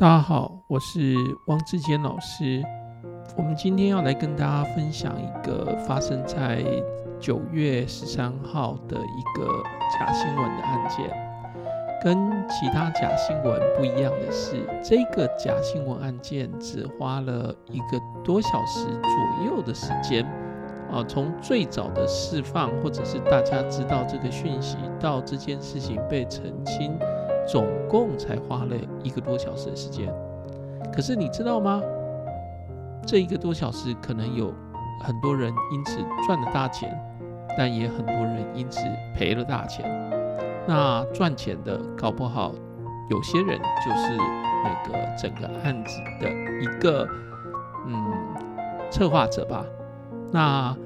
大家好，我是汪志堅老師。我們今天要來跟大家分享一個發生在九月十三號的一個假新聞的案件。跟其他假新聞不一樣的是，這個假新聞案件只花了一個多小時左右的時間。啊、呃，從最早的釋放，或者是大家知道這個訊息，到這件事情被澄清。總共才花了一個多小時的時間，可是你知道嗎？這一個多小時可能有很多人因此賺了大錢，但也很多人因此賠了大錢。那賺錢的搞不好有些人就是那個整個案子的一個嗯策劃者吧。那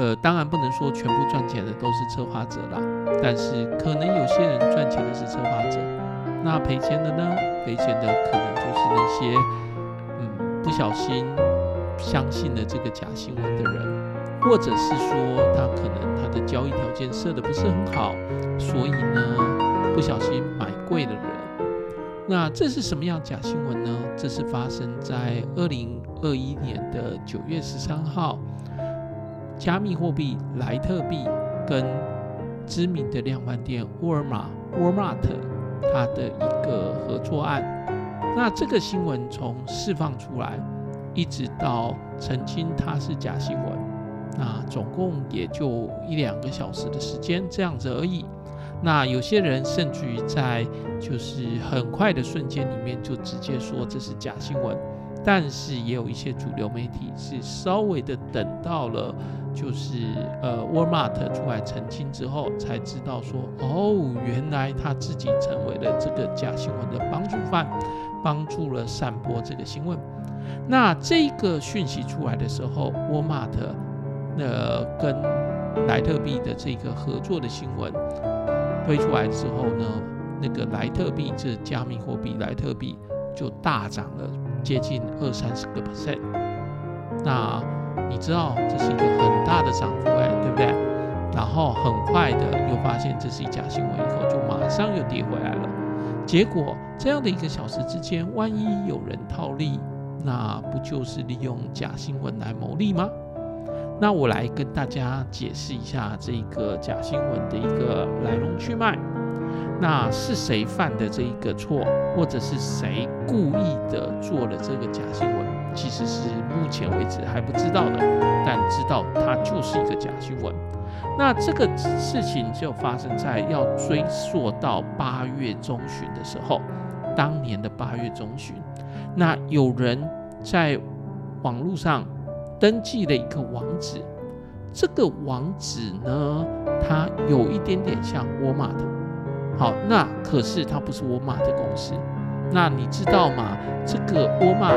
呃，當然不能說全部賺錢的都是策劃者啦，但是可能有些人賺錢的是策劃者。那賠錢的呢？賠錢的可能就是那些嗯不小心相信了這個假新聞的人，或者是說他可能他的交易條件設得不是很好，所以呢不小心買貴了人。那這是什麼樣假新聞呢？這是發生在二零二一年的九月十三號，加密貨幣萊特幣跟知名的量販店沃爾瑪 （Walmart）。他的一個合作案，那這個新聞從釋放出來，一直到澄清它是假新聞，那總共也就一兩個小時的時間這樣子而已。那有些人甚至於在就是很快的瞬間裡面，就直接說這是假新聞。但是也有一些主流媒體是稍微的等到了，就是呃，Walmart 出來澄清之後，才知道說哦，原來他自己成為了這個假新聞的幫助犯，幫助了散播這個新聞。那這個訊息出來的時候，Walmart，呃，跟萊特幣的這個合作的新聞推出來之後呢，那個萊特幣這加密貨幣萊特幣就大漲了。接近二三十個 percent，那你知道這是一個很大的漲幅誒、欸，對不對？然後很快的又發現這是一假新聞，以後就馬上又跌回來了。結果這樣的一個小時之間，萬一有人套利，那不就是利用假新聞來牟利嗎？那我來跟大家解釋一下這個假新聞的一個來龍去脈。那是誰犯的這一個錯，或者是誰故意的做了這個假新聞？其實是目前為止還不知道的，但知道它就是一個假新聞。那這個事情就發生在要追溯到八月中旬的時候，當年的八月中旬，那有人在網路上登記了一個網址，這個網址呢，它有一點點像沃爾瑪。好，那可是它不是沃瑪的公司，那你知道嗎？這個沃瑪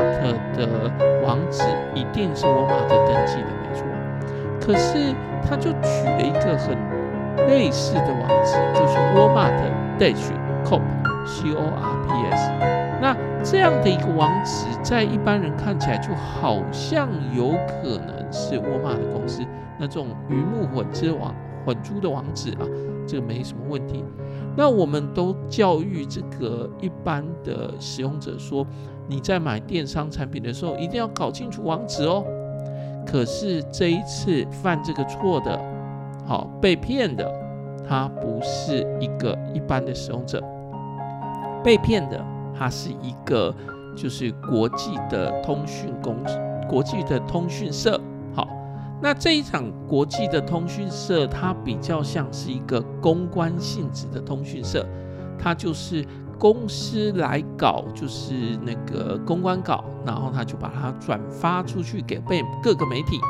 的網址一定是沃瑪的登記的，沒錯。可是它就取了一個很類似的網址，就是沃瑪的 Dash Corp，C O R P S。那這樣的一個網址，在一般人看起來就好像有可能是沃瑪的公司，那這種魚目混珠網混珠的網址啊，這沒什麼問題。那我們都教育這個一般的使用者說，你在買電商產品的時候一定要搞清楚網址哦。可是這一次犯這個錯的、好被騙的，他不是一個一般的使用者，被騙的他是一個就是國際的通訊公司，國際的通訊社。那這一場國際的通訊社，它比較像是一個公關性質的通訊社，它就是公司來搞，就是那個公關稿，然後他就把它轉發出去給被各個媒體，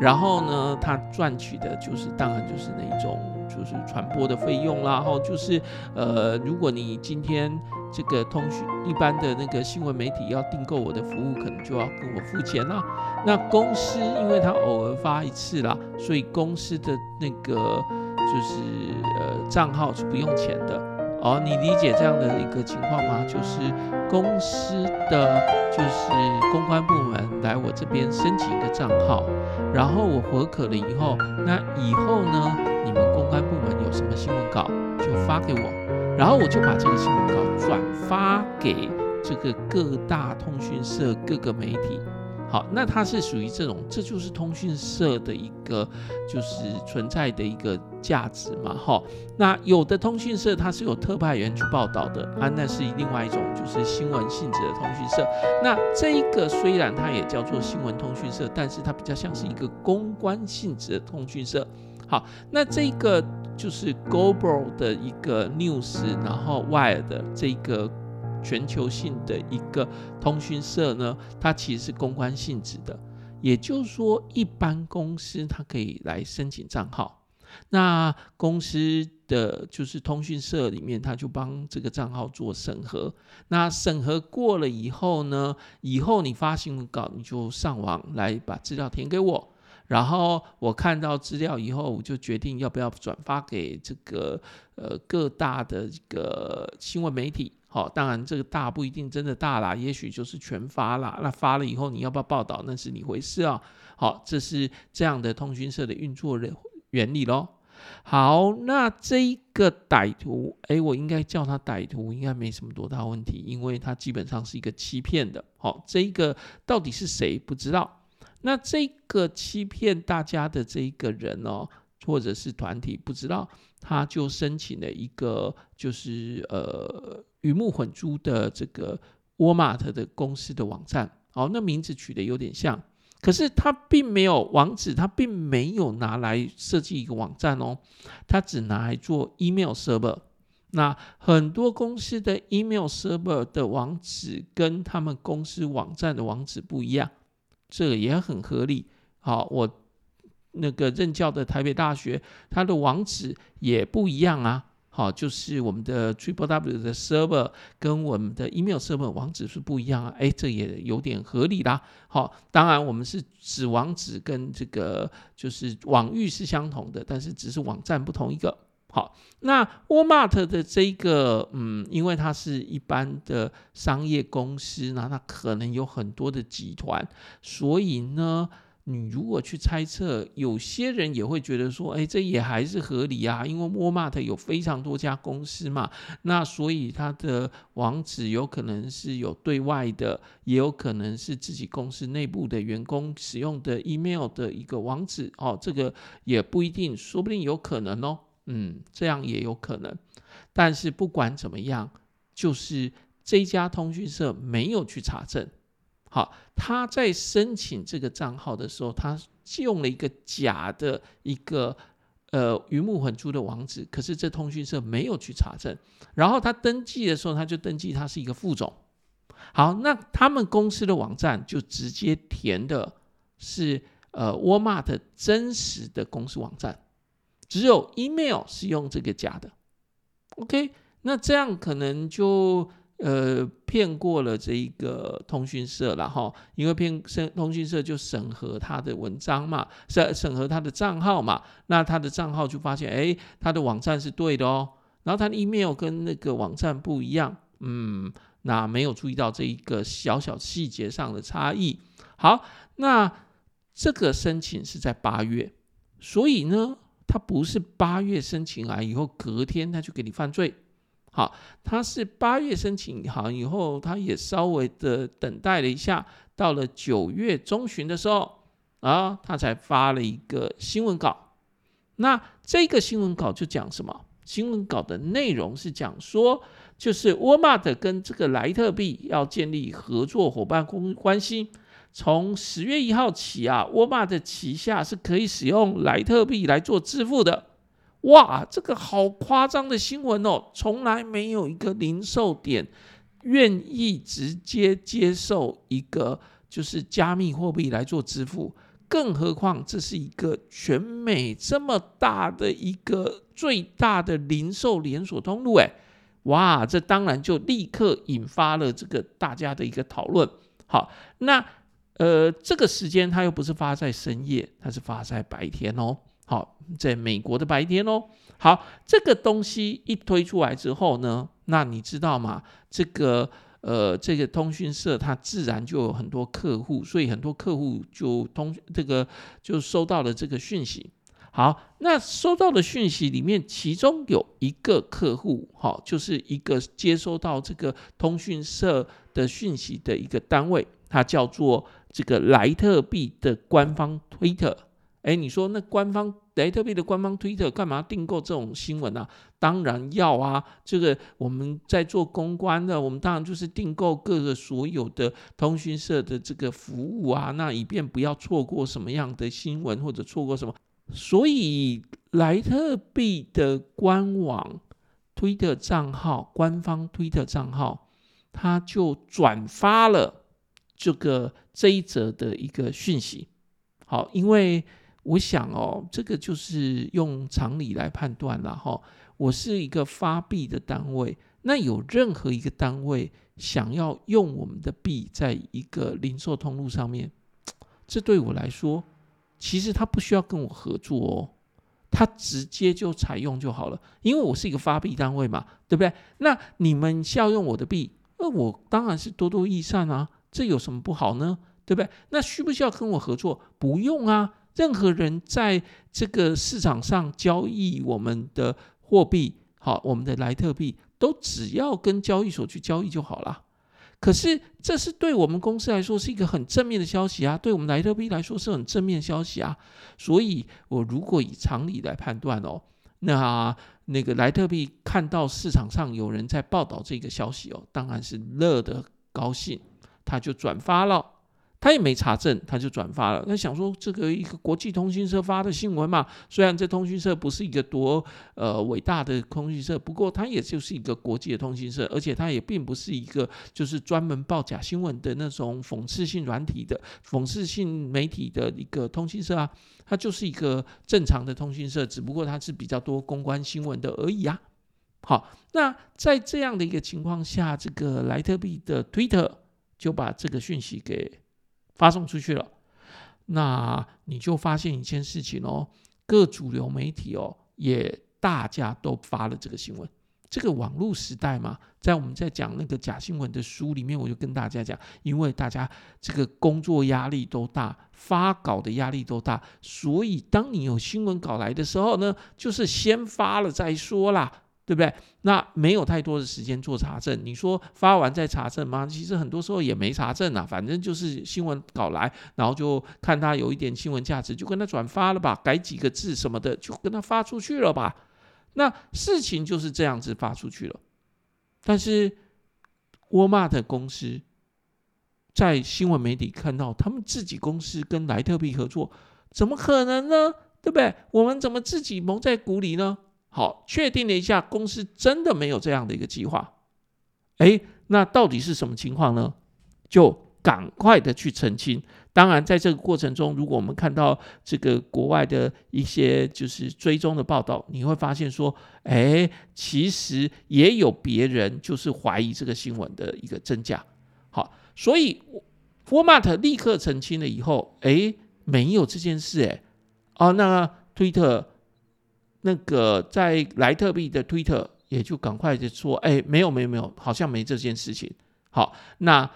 然後呢，他賺取的就是當然就是那一種。就是傳播的費用啦，然後、哦、就是呃，如果你今天這個通訊一般的那個新聞媒體要訂購我的服務，可能就要跟我付錢啦。那公司因為他偶爾發一次啦，所以公司的那個就是呃賬號是不用錢的。哦，你理解這樣的一個情況嗎？就是公司的就是公關部門來我這邊申請一個賬號，然後我回可核可了以後，那以後呢你們。公關部門有什麼新聞稿，就發給我，然後我就把這個新聞稿轉發給這個各大通訊社、各個媒體。好，那它是屬於這種，這就是通訊社的一個就是存在的一個價值嘛，哈。那有的通訊社它是有特派員去報道的，啊，那是另外一種，就是新聞性質的通訊社。那這個雖然它也叫做新聞通訊社，但是它比較像是一個公關性質的通訊社。好，那這個就是 Global 的一個 News，然後 Wire 的這個全球性的一個通訊社呢，它其實是公關性質的。也就是說，一般公司它可以來申請賬號，那公司的就是通訊社裡面，他就幫這個賬號做審核。那審核過了以後呢，以後你發新聞稿，你就上網來把資料填給我。然後我看到資料以後，我就決定要不要轉發給這個呃各大的這個新聞媒體。好，當然這個大不一定真的大啦，也許就是全發啦。那發了以後你要不要報道，那是你回事啊。好，這是這樣的通訊社的運作的原理咯。好，那這一個歹徒，誒，我應該叫他歹徒，應該沒什麼多大問題，因為他基本上是一個欺騙的。好，這一個到底是誰，不知道。那這個欺騙大家的這一個人哦，或者是團體，不知道。他就申請了一個就是呃魚目混珠的這個 Walmart 的公司的網站哦，那名字取得有點像，可是他並沒有網址，他並沒有拿來設計一個網站哦，他只拿來做 email server。那很多公司的 email server 的網址跟他們公司網站的網址不一樣。這個也很合理。好，我那個任教的台北大學，它的網址也不一樣啊。好，就是我們的 Triple W 的 server 跟我們的 email server 的網址是不一樣啊。哎，這也有點合理啦。好，當然我們是指網址跟這個就是網域是相同的，但是只是網站不同一個。好，那 Walmart 的這一個，嗯，因為它是一般的商業公司，那它可能有很多的集團，所以呢，你如果去猜測，有些人也會覺得說，哎，這也還是合理啊，因為 Walmart 有非常多家公司嘛，那所以它的網址有可能是有對外的，也有可能是自己公司內部的員工使用的 email 的一個網址哦，這個也不一定，說不定有可能哦。嗯，這樣也有可能，但是不管怎麼樣，就是這家通訊社沒有去查證。好，他在申請這個賬號的時候，他用了一個假的、一個呃魚目混珠的網址，可是這通訊社沒有去查證。然後他登記的時候，他就登記他是一個副總。好，那他們公司的網站就直接填的是呃沃爾瑪的真實的公司網站。只有 email 是用這個假的，OK，那這樣可能就呃騙過了這一個通訊社了哈，因為騙通通訊社就審核他的文章嘛，審審核他的賬號嘛，那他的賬號就發現，哎、欸，他的網站是對的哦、喔，然後他的 email 跟那個網站不一樣，嗯，那沒有注意到這一個小小細節上的差異。好，那這個申請是在八月，所以呢。他不是八月申請啊，以後隔天他就給你犯罪。好，他是八月申請好以後，他也稍微的等待了一下，到了九月中旬的時候啊，他才發了一個新聞稿。那這個新聞稿就講什麼？新聞稿的內容是講說，就是 Walmart 跟這個萊特幣要建立合作夥伴關關係。從十月一號起啊，沃 b a 的旗下是可以使用萊特幣來做支付的。哇，這個好誇張的新聞哦！從來沒有一個零售點願意直接接受一個就是加密貨幣來做支付，更何況這是一個全美這麼大的一個最大的零售連鎖通路、欸。哎，哇，這當然就立刻引發了這個大家的一個討論。好，那。呃，這個時間它又不是發在深夜，它是發在白天哦。好，在美國的白天哦。好，這個東西一推出來之後呢，那你知道嗎？這個呃，這個通訊社它自然就有很多客戶，所以很多客戶就通這個就收到了這個訊息。好，那收到的訊息裡面，其中有一個客戶，好，就是一個接收到這個通訊社的訊息的一個單位，它叫做。這個萊特幣的官方推特，哎，你說那官方萊特幣的官方推特幹嘛訂購這種新聞呢、啊？當然要啊！這個我們在做公關的，我們當然就是訂購各個所有的通訊社的這個服務啊，那以便不要錯過什麼樣的新聞或者錯過什麼。所以萊特幣的官網推特賬號、官方推特賬號，他就轉發了。這個這一則的一個訊息，好，因為我想哦，這個就是用常理來判斷了哈。我是一個發幣的單位，那有任何一個單位想要用我們的幣在一個零售通路上面，這對我來說，其實他不需要跟我合作哦，他直接就採用就好了，因為我是一個發幣單位嘛，對不對？那你們是要用我的幣，那我當然是多多益善啊。這有什麼不好呢？對不對？那需不需要跟我合作？不用啊！任何人在這個市場上交易我們的貨幣，好，我們的萊特幣，都只要跟交易所去交易就好啦。可是，這是對我們公司來說是一個很正面的消息啊！對我們萊特幣來說是很正面的消息啊！所以，我如果以常理來判斷哦，那那個萊特幣看到市場上有人在報道這個消息哦，當然是樂得高興。他就轉發了，他也沒查證，他就轉發了。他想說，這個一個國際通訊社發的新聞嘛，雖然這通訊社不是一個多呃偉大的通訊社，不過它也就是一個國際的通訊社，而且它也並不是一個就是專門報假新聞的那種諷刺性軟體的諷刺性媒體的一個通訊社啊，它就是一個正常的通訊社，只不過它是比較多公關新聞的而已啊。好，那在這樣的一個情況下，這個萊特幣的推特。就把這個訊息給發送出去了。那你就發現一件事情哦，各主流媒體哦，也大家都發了這個新聞。這個網絡時代嘛，在我們在講那個假新聞的書裡面，我就跟大家講，因為大家這個工作壓力都大，發稿的壓力都大，所以當你有新聞稿來的時候呢，就是先發了再說啦。對不對？那沒有太多的時間做查證，你說發完再查證嗎？其實很多時候也沒查證啊，反正就是新聞稿來，然後就看他有一點新聞價值，就跟他轉發了吧，改幾個字什麼的，就跟他發出去了吧。那事情就是這樣子發出去了。但是 Walmart 公司在新聞媒體看到他們自己公司跟萊特幣合作，怎麼可能呢？對不對？我們怎麼自己蒙在鼓裡呢？好，確定了一下，公司真的沒有這樣的一個計劃。誒、欸，那到底是什麼情況呢？就趕快的去澄清。當然，在這個過程中，如果我們看到這個國外的一些就是追蹤的報道，你會發現說，誒、欸，其實也有別人就是懷疑這個新聞的一個真假。好，所以 Walmart 立刻澄清了以後，誒、欸，沒有這件事、欸，誒，啊，那推特。那個在萊特幣的 Twitter，也就趕快就說：“哎、欸，沒有沒有沒有，好像沒這件事情。”好，那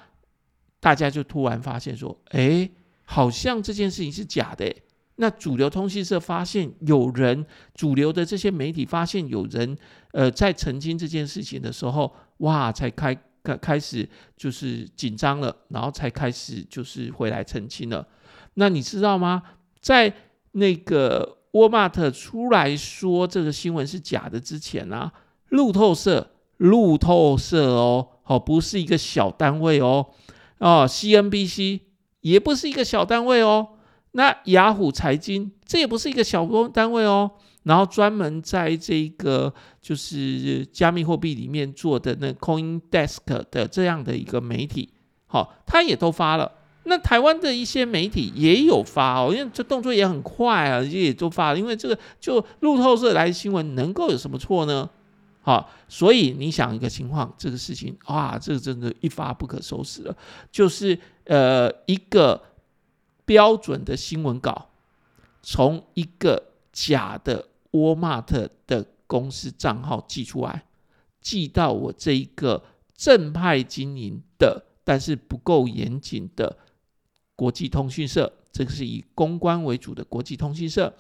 大家就突然發現說：“哎、欸，好像這件事情是假的。”那主流通訊社發現有人，主流的這些媒體發現有人，呃，在澄清這件事情的時候，哇，才開開開始就是緊張了，然後才開始就是回來澄清了。那你知道嗎？在那個。Walmart 出來說這個新聞是假的之前啊，路透社、路透社哦，好、哦，不是一個小單位哦，哦，CNBC 也不是一個小單位哦，那雅虎財經這也不是一個小單位哦，然後專門在這個就是加密貨幣裡面做的那 Coin Desk 的這樣的一個媒體，好、哦，它也都發了。那台灣的一些媒體也有發哦，因為這動作也很快啊，也都發了。因為這個就路透社來新聞能夠有什麼錯呢？好，所以你想一個情況，這個事情啊，這個、真的，一發不可收拾了。就是呃，一個標準的新聞稿，從一個假的沃瑪特的公司賬號寄出來，寄到我這一個正派經營的，但是不夠嚴謹的。國際通訊社，這個是以公關為主的國際通訊社，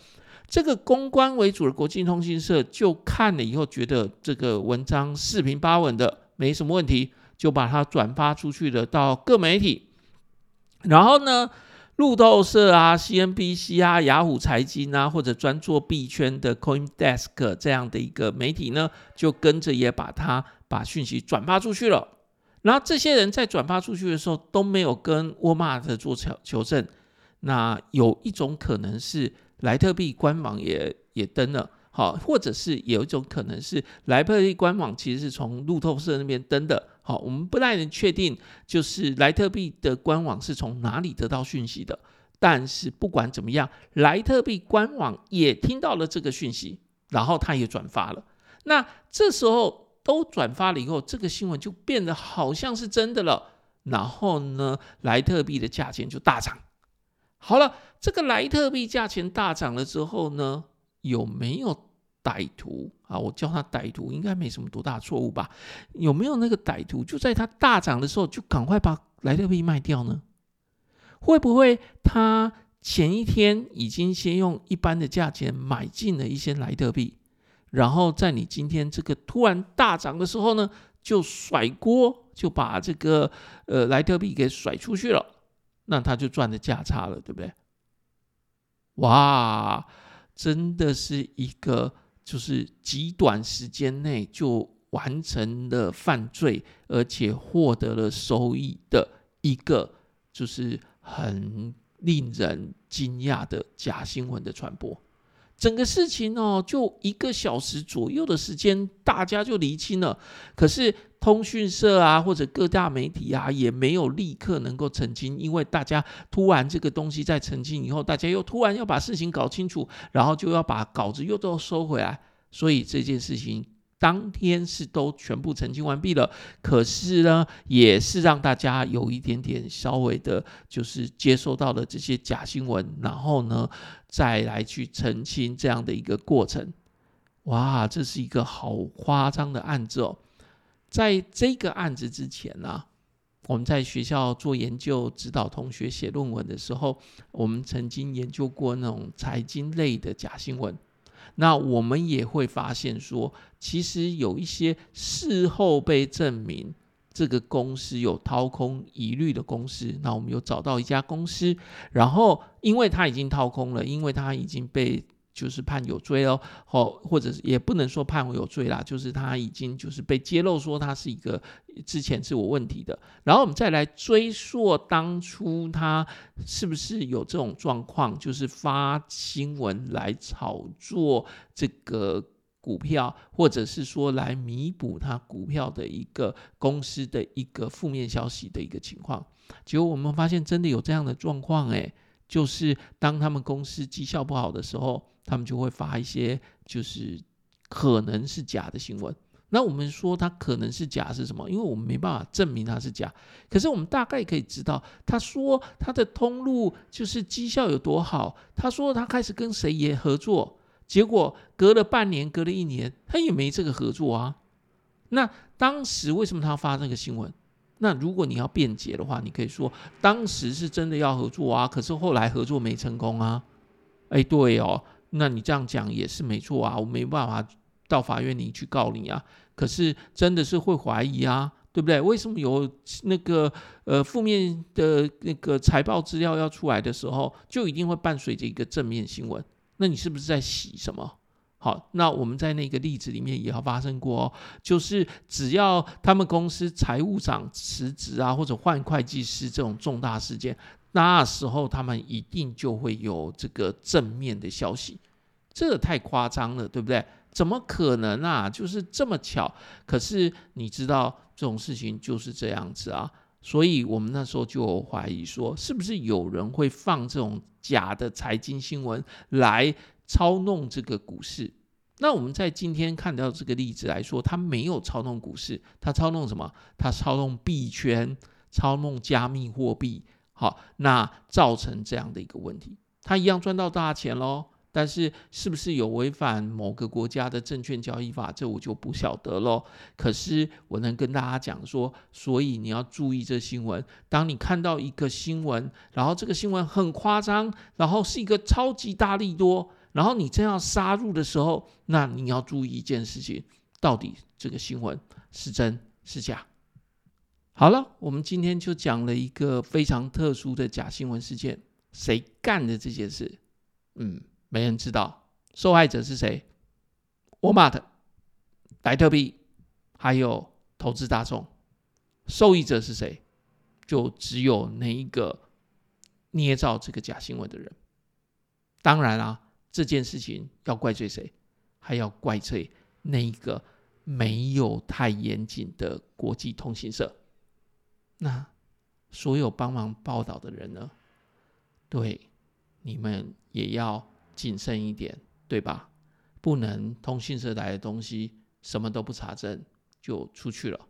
這個公關為主的國際通訊社就看了以後覺得這個文章四平八穩的，沒什麼問題，就把它轉發出去了到各媒體。然後呢，路透社啊、CNBC 啊、雅虎財經啊，或者專做幣圈的 CoinDesk 這樣的一個媒體呢，就跟着也把它把訊息轉發出去了。然後這些人在轉發出去的時候都沒有跟沃爾瑪的做求求證。那有一種可能是萊特幣官網也也登了，好，或者是有一種可能是萊特幣官網其實是從路透社那邊登的，好，我們不太能確定就是萊特幣的官網是從哪裡得到訊息的。但是不管怎麼樣，萊特幣官網也聽到了這個訊息，然後他也轉發了。那這時候。都轉發了以後，這個新聞就變得好像是真的了。然後呢，萊特幣的價錢就大漲。好了，這個萊特幣價錢大漲了之後呢，有沒有歹徒啊？我叫他歹徒，應該沒什麼多大錯誤吧？有沒有那個歹徒就在他大漲的時候就趕快把萊特幣賣掉呢？會不會他前一天已經先用一般的價錢買進了一些萊特幣？然後在你今天這個突然大漲的時候呢，就甩鍋，就把這個呃萊特幣給甩出去了，那他就賺了價差了，對不對？哇，真的是一個就是極短時間內就完成了犯罪，而且獲得了收益的一個就是很令人驚訝的假新聞的傳播。整個事情哦，就一個小時左右的時間，大家就釐清了。可是通訊社啊，或者各大媒體啊，也沒有立刻能夠澄清，因為大家突然這個東西在澄清以後，大家又突然要把事情搞清楚，然後就要把稿子又都收回來，所以這件事情。當天是都全部澄清完畢了，可是呢，也是讓大家有一點點稍微的，就是接收到了這些假新聞，然後呢，再來去澄清這樣的一個過程。哇，這是一個好誇張的案子哦！在這個案子之前呢、啊，我們在學校做研究指導同學寫論文的時候，我們曾經研究過那種財經類的假新聞。那我們也會發現說，其實有一些事後被證明這個公司有掏空疑慮的公司，那我們有找到一家公司，然後因為它已經掏空了，因為它已經被。就是判有罪哦，或或者是也不能說判我有罪啦，就是他已經就是被揭露說他是一個之前是有問題的。然後我們再來追溯當初他是不是有這種狀況，就是發新聞來炒作這個股票，或者是說來彌補他股票的一個公司的一個負面消息的一個情況。結果我們發現真的有這樣的狀況，誒。就是當他們公司績效不好的時候。他們就會發一些就是可能是假的新聞。那我們說它可能是假是什麼？因為我們沒辦法證明它是假，可是我們大概可以知道，他說他的通路就是績效有多好。他說他開始跟誰也合作，結果隔了半年，隔了一年，他也沒這個合作啊。那當時為什麼他發這個新聞？那如果你要辯解的話，你可以說當時是真的要合作啊，可是後來合作沒成功啊。哎，對哦。那你這樣講也是沒錯啊，我沒辦法到法院裡去告你啊。可是真的是會懷疑啊，對不對？為什麼有那個呃負面的那個財報資料要出來的時候，就一定會伴隨着一個正面新聞？那你是不是在洗什麼？好，那我們在那個例子裡面也要發生過哦，就是只要他們公司財務長辭職啊，或者換會計師這種重大事件。那時候他們一定就會有這個正面的消息，這個太誇張了，對不對？怎麼可能啊？就是這麼巧。可是你知道這種事情就是這樣子啊，所以我們那時候就懷疑說，是不是有人會放這種假的財經新聞來操弄這個股市？那我們在今天看到這個例子來說，他沒有操弄股市，他操弄什麼？他操弄幣圈，操弄加密貨幣。好，那造成這樣的一個問題，他一樣賺到大錢嘍。但是，是不是有違反某個國家的證券交易法，這我就不曉得嘍。可是，我能跟大家講說，所以你要注意這新聞。當你看到一個新聞，然後這個新聞很誇張，然後是一個超級大利多，然後你正要殺入的時候，那你要注意一件事情，到底這個新聞是真是假？好了，我們今天就講了一個非常特殊的假新聞事件，誰幹的這件事？嗯，沒人知道。受害者是誰？Walmart、萊特幣，還有投資大眾。受益者是誰？就只有那一個捏造這個假新聞的人。當然啊，這件事情要怪罪誰？還要怪罪那一個沒有太嚴謹的國際通訊社。那所有幫忙報道的人呢？對，你們也要謹慎一點，對吧？不能通訊社來的東西，什麼都不查證就出去了。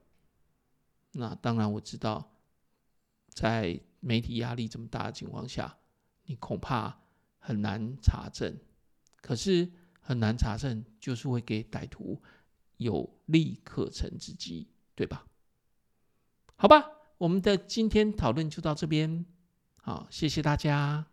那當然，我知道，在媒體壓力這麼大的情況下，你恐怕很難查證。可是很難查證，就是會給歹徒有利可乘之機，對吧？好吧。我們的今天討論就到這邊，好，謝謝大家。